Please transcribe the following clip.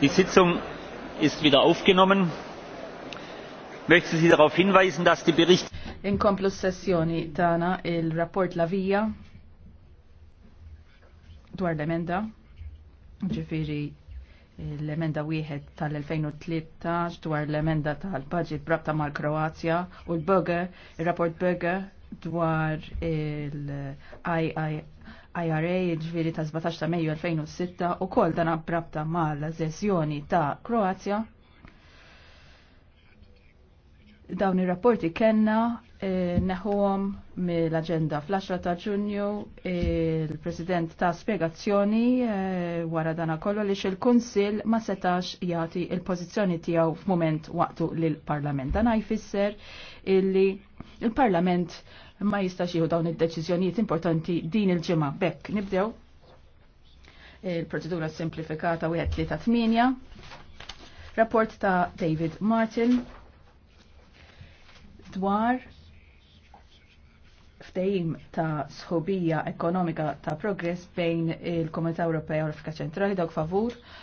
Die Sitzung ist wieder aufgenommen. Möchten Sie darauf hinweisen, dass die Bericht Inkomplu sessjoni tana il-rapport la via dwar l-emenda, ġifiri l-emenda wieħed tal-2013 dwar l-emenda tal-budget brabta mal-Kroazja u l-Böge, il-rapport Böge dwar il iia IRA ġviri ta' 17 ta' Mejju 2006 u kol dan abrabta mal zezjoni ta' Kroazja. Dawn ir-rapporti kena e, eh, mill-aġenda fl-10 ta' Ġunju il-President ta' spiegazzjoni eh, wara dana kollu li il-Kunsill ma setax jagħti il-pożizzjoni tiegħu f'mument waqtu l parlament Dan jfisser illi Il-Parlament ma jistax jieħu dawn id-deċiżjonijiet importanti din il-ġimgħa. Bekk nibdew il-proċedura simplifikata wieħed tlieta tminja. Rapport ta' David Martin dwar ftehim ta' sħobija ekonomika ta' progress bejn il-Komunità Ewropea u l-Afrika Ċentrali dawk favur